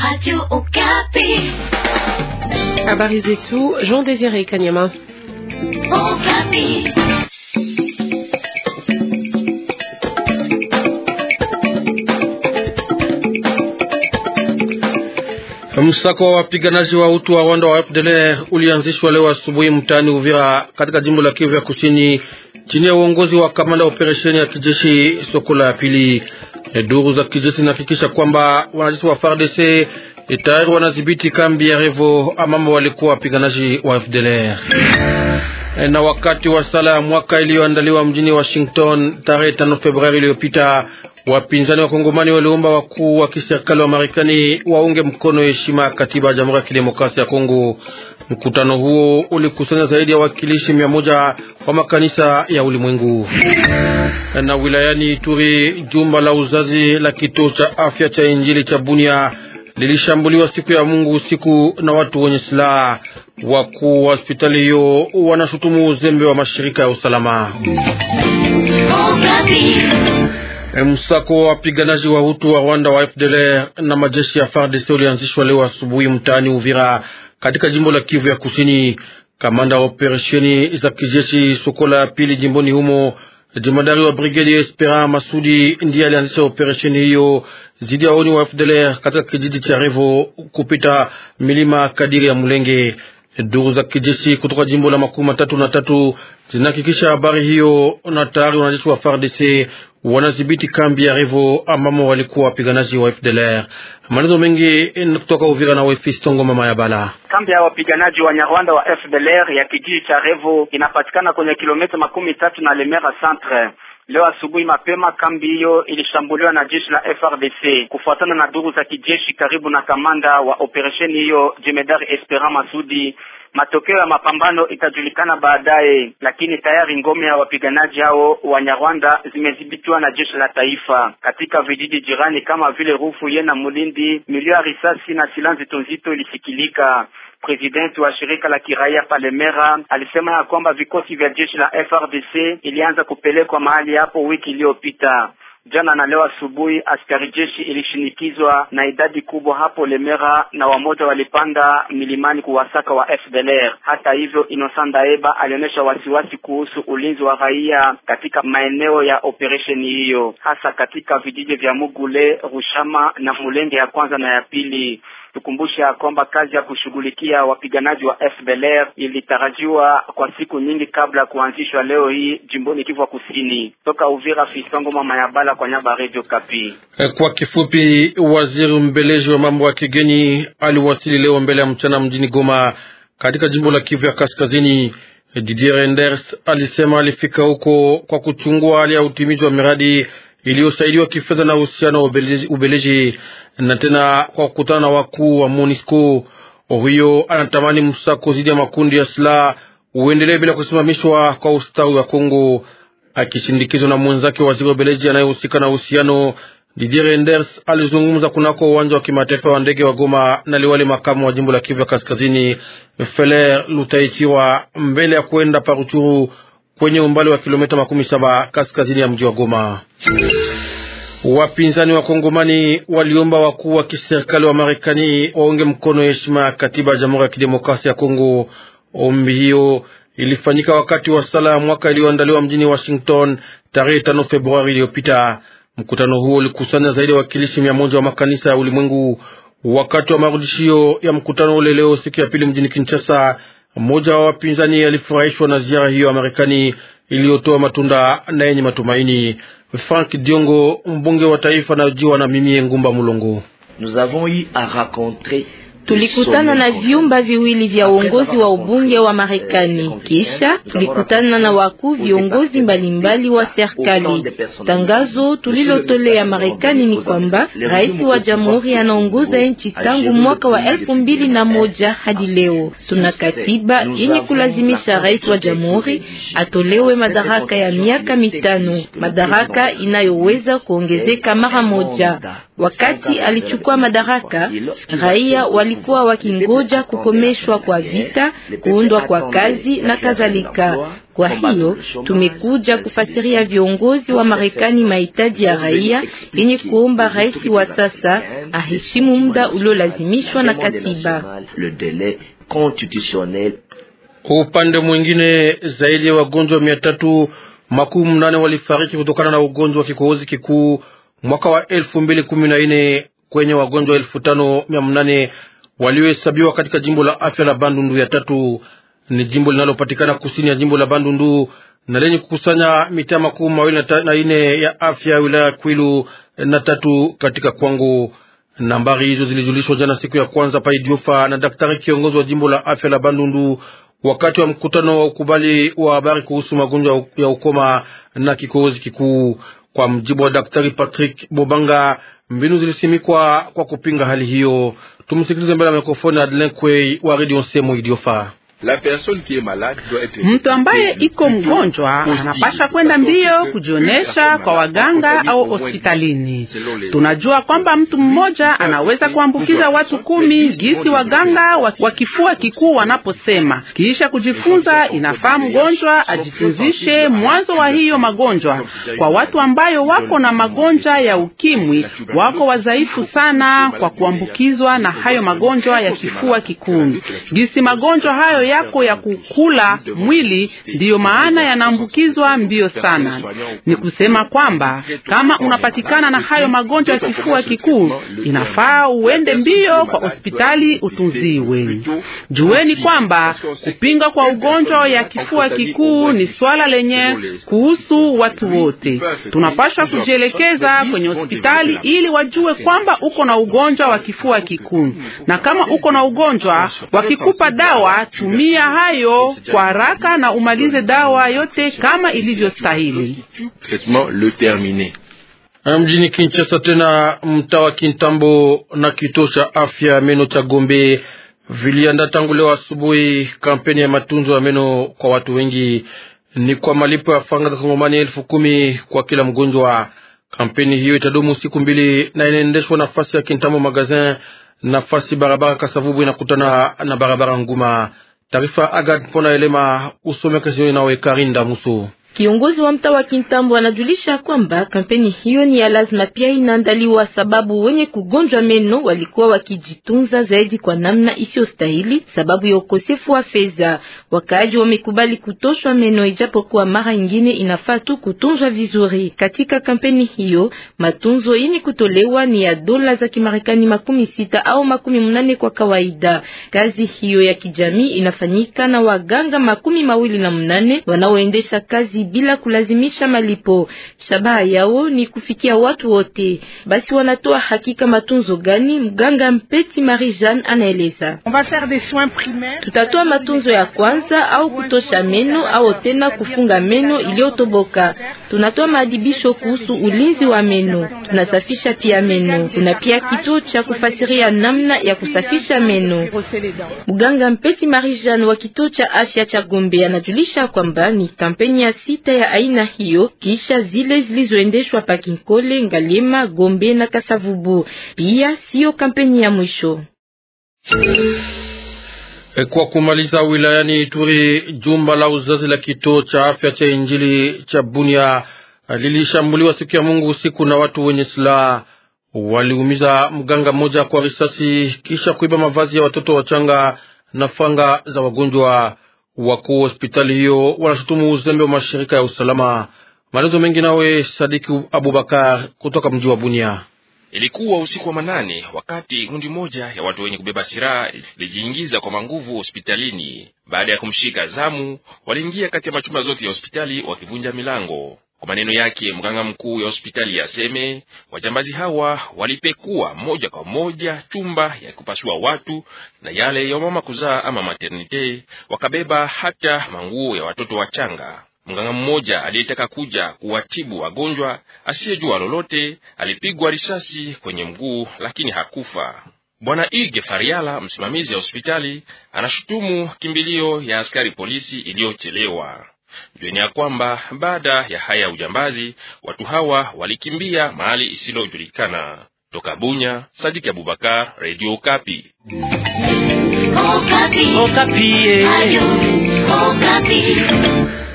Radio Okapi. Habari zetu Jean Désiré Kanyama. Okapi. Msako wa wapiganaji wa utu wa Rwanda wa FDLR ulianzishwa leo asubuhi mtaani Uvira katika jimbo la Kivu ya Kusini chini ya uongozi wa kamanda operesheni ya kijeshi Sokola ya pili. Eh, Duru za kijeshi zinahakikisha kwamba wanajeshi wa FARDC eh, tayari wanadhibiti kambi ya Revo amamo walikuwa wapiganaji wa FDLR. Eh, na wakati wa sala ya mwaka iliyoandaliwa mjini Washington tarehe 5 Februari iliyopita Wapinzani wa Kongomani waliomba wakuu wa kiserikali wa Marekani waunge mkono heshima ya katiba ya Jamhuri ya Kidemokrasia ya Kongo. Mkutano huo ulikusanya zaidi ya wakilishi mia moja wa makanisa ya ulimwengu. Na wilayani Ituri, jumba la uzazi la kituo cha afya cha Injili cha Bunia lilishambuliwa siku ya Mungu usiku na watu wenye silaha. Wakuu wa hospitali hiyo wanashutumu uzembe wa mashirika ya usalama. Oh, E, msako wa wapiganaji wa Hutu wa Rwanda wa FDLR na majeshi ya FARDC ulianzishwa leo asubuhi mtaani Uvira katika jimbo la Kivu ya Kusini. Kamanda wa operesheni za kijeshi Sokola ya pili jimboni humo, jemadari wa brigedi Espera Masudi ndiye alianzisha operesheni hiyo zidi ya oni wa FDLR katika kijiji cha Revo kupita milima kadiri ya Mulenge. Duru za kijeshi kutoka jimbo la makumi matatu na tatu zinahakikisha habari hiyo, na tayari wanajeshi wa FARDC wanadhibiti kambi ya Revo ambamo walikuwa wapiganaji wa FDLR. Maneno mengi kutoka Uvira na mama ya bala Kambi ya wapiganaji wa Nyarwanda wa FDLR ya kijiji cha Revo inapatikana kwenye kilomita makumi tatu na Lemera Centre. Leo asubuhi mapema kambi hiyo ilishambuliwa na jeshi la FRDC. Kufuatana na duru za kijeshi karibu na kamanda wa operesheni hiyo Jemedari Esperant Masudi, matokeo ya mapambano itajulikana baadaye, lakini tayari ngome ya wapiganaji hao nyarwanda zimedhibitiwa na jeshi la taifa. Katika vijiji jirani kama vile Rufu, Yena, Mulindi, milio ya risasi na silaha nzito nzito ilisikilika presidenti wa shirika la kiraia pale Mera, alisema ya kwamba vikosi vya jeshi la FRDC ilianza kupelekwa mahali hapo wiki iliyopita. Jana na leo asubuhi askari jeshi ilishinikizwa na idadi kubwa hapo Lemera, na wamoja walipanda milimani kuwasaka wa FDLR. Hata hivyo, Innocent Daeba alionyesha wasiwasi kuhusu ulinzi wa raia katika maeneo ya operesheni hiyo, hasa katika vijiji vya Mugule, Rushama na Mulenge ya kwanza na ya pili. Tukumbusha kwamba kazi ya kushughulikia wapiganaji wa FDLR ilitarajiwa kwa siku nyingi kabla ya kuanzishwa leo hii jimboni Kivu Kusini. Toka Uvira, Fisongo Mama ya Bala kwa nyaba Radio Kapi. Eh, kwa kifupi, waziri mbeleji wa mambo ya kigeni aliwasili leo mbele ya mchana mjini Goma katika jimbo la Kivu ya Kaskazini. Didier Renders alisema alifika huko kwa kuchungua hali ya utimizi wa miradi iliyosaidiwa kifedha na uhusiano wa Ubeleji na tena kwa kukutana na wakuu wa MONUSCO. Huyo anatamani msako dhidi ya makundi ya silaha uendelee bila kusimamishwa kwa ustawi wa Kongo, akishindikizwa na mwenzake waziri wa Ubeleji anayehusika na uhusiano Didier Renders alizungumza kunako uwanja wa kimataifa wa ndege wa Goma na liwali makamu wa jimbo la Kivu ya Kaskazini Feler Lutaitiwa mbele ya kwenda Paruchuru kwenye umbali wa kilomita makumi saba kaskazini ya mji wa Goma. Wapinzani wa Kongomani waliomba wakuu wa kiserikali wa Marekani waunge mkono heshima ya katiba ya Jamhuri ya Kidemokrasia ya Kongo. Ombi hiyo ilifanyika wakati wa sala ya mwaka iliyoandaliwa mjini Washington tarehe tano Februari iliyopita. Mkutano huo ulikusanya zaidi ya wakilishi mia moja wa makanisa ya ulimwengu. Wakati wa marudishio ya mkutano ule leo siku ya pili mjini Kinshasa, mmoja wa wapinzani alifurahishwa na ziara hiyo ya Marekani iliyotoa matunda na yenye matumaini. Frank Diongo, mbunge wa taifa, anajiwa na mimi Ngumba Mulongo. Nous avons eu à rencontrer Tulikutana na vyumba viwili vya uongozi wa ubunge wa Marekani, kisha tulikutana na wakuu viongozi mbalimbali wa serikali. Tangazo tulilotolea Marekani ni kwamba rais wa jamhuri anaongoza nchi tangu mwaka wa elfu mbili na moja hadi leo. Tuna katiba yenye kulazimisha rais wa jamhuri atolewe madaraka ya miaka mitano, madaraka inayoweza kuongezeka mara moja. Wakati alichukua madaraka, raia walikuwa wakingoja kukomeshwa kwa vita, kuundwa kwa kazi na kadhalika. Kwa hiyo tumekuja kufasiria viongozi wa Marekani mahitaji ya raia yenye kuomba rais wa sasa aheshimu muda uliolazimishwa na katiba. Kwa upande mwingine, zaidi ya wagonjwa mia tatu makumi mnane walifariki kutokana na ugonjwa wa kikohozi kikuu mwaka wa elfu mbili kumi na nne kwenye wagonjwa elfu tano mia mnane waliohesabiwa katika jimbo la afya la Bandundu ya tatu. Ni jimbo linalopatikana kusini ya jimbo la Bandundu na lenye kukusanya mitaa makumi mawili na ine ya afya ya wilaya Kwilu na tatu katika Kwangu. Nambari hizo zilijulishwa jana siku ya kwanza paidiofa na daktari kiongozi wa jimbo la afya la Bandundu wakati wa mkutano wa ukubali wa habari kuhusu magonjwa ya ukoma na kikohozi kikuu. Kwa mjibu wa Daktari Patrick Bobanga, mbinu zilisimikwa kwa kupinga hali hiyo. Tumsikilize mbele ya mikrofoni Adlenkwe wa redio Nsemo iliyofaa. Mtu ambaye iko mgonjwa anapasha kwenda mbio kujionyesha kwa waganga au hospitalini. Tunajua kwamba mtu mmoja anaweza kuambukiza watu kumi, gisi waganga wa kifua kikuu wanaposema. Kisha kujifunza, inafaa mgonjwa ajifunzishe mwanzo wa hiyo magonjwa. Kwa watu ambayo wako na magonjwa ya ukimwi, wako wadhaifu sana kwa kuambukizwa na hayo magonjwa ya kifua kikuu, gisi magonjwa hayo yako ya kukula mwili, ndiyo maana yanaambukizwa mbio sana. Ni kusema kwamba kama unapatikana na hayo magonjwa ya kifua kikuu, inafaa uende mbio kwa hospitali utunziwe. Jueni kwamba kupinga kwa ugonjwa ya kifua kikuu ni swala lenye kuhusu watu wote. tunapashwa kujielekeza kwenye hospitali ili wajue kwamba uko na ugonjwa wa kifua kikuu, na kama uko na ugonjwa wakikupa dawa tumi tumia hayo kwa haraka na umalize dawa yote kama ilivyostahili. Mjini Kinshasa, tena mtaa wa Kintambo na kituo cha afya meno cha Gombe vilianda tangu leo asubuhi kampeni ya matunzo ya meno kwa watu wengi. Ni kwa malipo ya fanga za Kongomani elfu kumi kwa kila mgonjwa. Kampeni hiyo itadumu siku mbili na inaendeshwa nafasi ya Kintambo Magazin, nafasi barabara Kasavubu inakutana na barabara Nguma. Taarifa Agad Mpona Elema, usomeke nawe Karinda Muso. Kiongozi wa mtaa wa Kintambo anajulisha kwamba kampeni hiyo ni ya lazima pia inaandaliwa sababu wenye kugonjwa meno walikuwa wakijitunza zaidi kwa namna isiyo stahili sababu ya ukosefu wa fedha. Wakaaji wamekubali kutoshwa meno ijapokuwa mara nyingine inafaa tu kutunzwa vizuri. Katika kampeni hiyo matunzo yenye kutolewa ni ya dola za Kimarekani makumi sita au makumi mnane kwa kawaida. Kazi hiyo ya kijamii inafanyika na waganga makumi mawili na mnane wanaoendesha kazi bila kulazimisha malipo. Shabaha yao ni kufikia watu wote. Basi wanatoa hakika matunzo gani? Mganga Mpeti Marie Jeanne anaeleza. Tutatoa matunzo ya kwanza au kutosha meno au tena kufunga meno iliyotoboka. Tunatoa maadibisho kuhusu ulinzi wa meno. Tunasafisha pia meno. Kuna pia kituo cha kufasiria namna ya kusafisha meno. Mganga Mpeti Marie Jeanne wa kituo cha afya cha Gombe anajulisha kwamba ni kampeni ya sita sita ya aina hiyo kisha zile zilizoendeshwa Pakinkole, Ngalema, Gombe na Kasavubu. Pia siyo kampeni ya mwisho. E, kwa kumaliza, wilayani Ituri, jumba la uzazi la kituo cha afya cha Injili cha Bunia lilishambuliwa siku ya Mungu usiku na watu wenye silaha. Waliumiza mganga mmoja kwa risasi, kisha kuiba mavazi ya watoto wachanga na fanga za wagonjwa. Wakuu hospitali hiyo wanashutumu uzembe wa mashirika ya usalama. Maelezo mengi nawe Sadiki Abubakar kutoka mji wa Bunia. Ilikuwa usiku wa manane wakati kundi moja ya watu wenye kubeba silaha lijiingiza kwa manguvu hospitalini. Baada ya kumshika zamu, waliingia kati ya machumba zote ya hospitali wakivunja milango. Kwa maneno yake mganga mkuu ya hospitali ya Seme, wajambazi hawa walipekua moja kwa moja chumba ya kupasua watu na yale ya mama kuzaa ama maternite, wakabeba hata manguo ya watoto wachanga. Mganga mmoja aliyetaka kuja kuwatibu wagonjwa asiyejua lolote alipigwa risasi kwenye mguu, lakini hakufa. Bwana Ige Fariala, msimamizi ya hospitali, anashutumu kimbilio ya askari polisi iliyochelewa. Jueni ya kwamba baada ya haya ujambazi, watu hawa walikimbia mahali isilojulikana. Toka Bunya, Sadiki Abubakar, Radio Okapi. Okapi. Okapi. Eh. Ayu, Okapi.